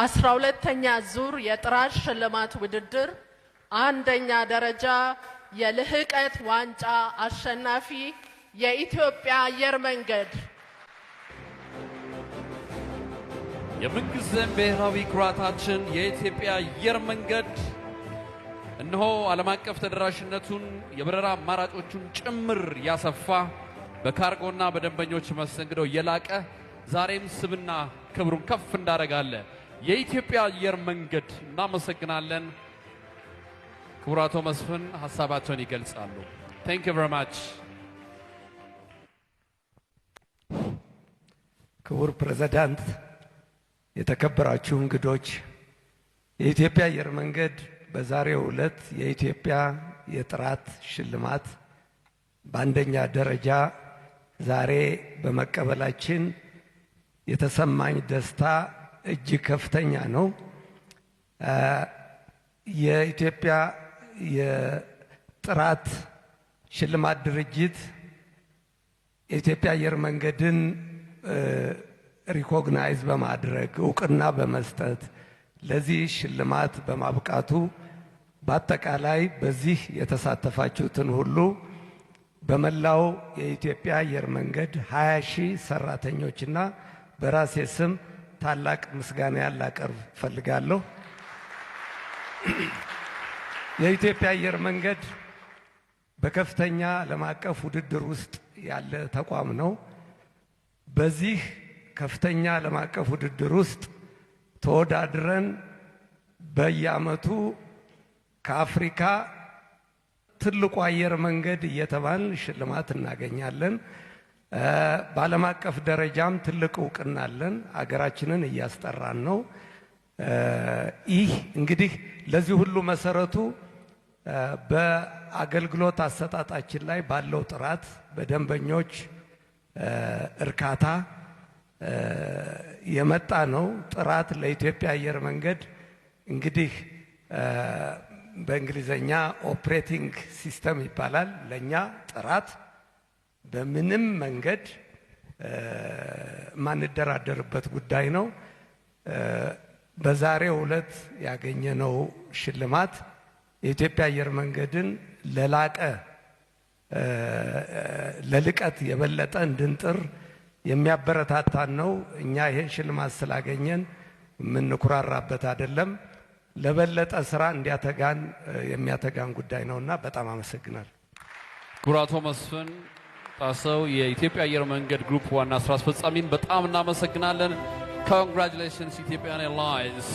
አስራ ሁለተኛ ዙር የጥራት ሽልማት ውድድር አንደኛ ደረጃ የልህቀት ዋንጫ አሸናፊ የኢትዮጵያ አየር መንገድ የምንጊዜም ብሔራዊ ኩራታችን የኢትዮጵያ አየር መንገድ እነሆ ዓለም አቀፍ ተደራሽነቱን የበረራ አማራጮቹን ጭምር ያሰፋ በካርጎና በደንበኞች መስተንግዶ የላቀ ዛሬም ስምና ክብሩን ከፍ እንዳደረጋለ የኢትዮጵያ አየር መንገድ እናመሰግናለን። ክቡራቶ መስፍን ሀሳባቸውን ይገልጻሉ። ታንክ ዩ ቨሪ ማች። ክቡር ፕሬዚዳንት የተከበራችሁ እንግዶች፣ የኢትዮጵያ አየር መንገድ በዛሬው ዕለት የኢትዮጵያ የጥራት ሽልማት በአንደኛ ደረጃ ዛሬ በመቀበላችን የተሰማኝ ደስታ እጅግ ከፍተኛ ነው። የኢትዮጵያ የጥራት ሽልማት ድርጅት የኢትዮጵያ አየር መንገድን ሪኮግናይዝ በማድረግ እውቅና በመስጠት ለዚህ ሽልማት በማብቃቱ በአጠቃላይ በዚህ የተሳተፋችሁትን ሁሉ በመላው የኢትዮጵያ አየር መንገድ 20 ሺህ ሰራተኞችና በራሴ ስም ታላቅ ምስጋና ያላቀርብ ፈልጋለሁ። የኢትዮጵያ አየር መንገድ በከፍተኛ ዓለም አቀፍ ውድድር ውስጥ ያለ ተቋም ነው። በዚህ ከፍተኛ ዓለም አቀፍ ውድድር ውስጥ ተወዳድረን በየዓመቱ ከአፍሪካ ትልቁ አየር መንገድ እየተባል ሽልማት እናገኛለን። በዓለም አቀፍ ደረጃም ትልቅ እውቅና አለን። አገራችንን እያስጠራን ነው። ይህ እንግዲህ ለዚህ ሁሉ መሰረቱ በአገልግሎት አሰጣጣችን ላይ ባለው ጥራት፣ በደንበኞች እርካታ የመጣ ነው። ጥራት ለኢትዮጵያ አየር መንገድ እንግዲህ በእንግሊዘኛ ኦፕሬቲንግ ሲስተም ይባላል። ለእኛ ጥራት በምንም መንገድ የማንደራደርበት ጉዳይ ነው። በዛሬው ዕለት ያገኘነው ሽልማት የኢትዮጵያ አየር መንገድን ለላቀ ለልቀት የበለጠ እንድንጥር የሚያበረታታን ነው። እኛ ይህን ሽልማት ስላገኘን የምንኩራራበት አይደለም። ለበለጠ ስራ እንዲያተጋን የሚያተጋን ጉዳይ ነውና በጣም አመሰግናል ኩራቶ መስፍን ጣሰው የኢትዮጵያ አየር መንገድ ግሩፕ ዋና ስራ አስፈጻሚን በጣም እናመሰግናለን። ኮንግራቹሌሽንስ ኢትዮጵያን ኤርላይንስ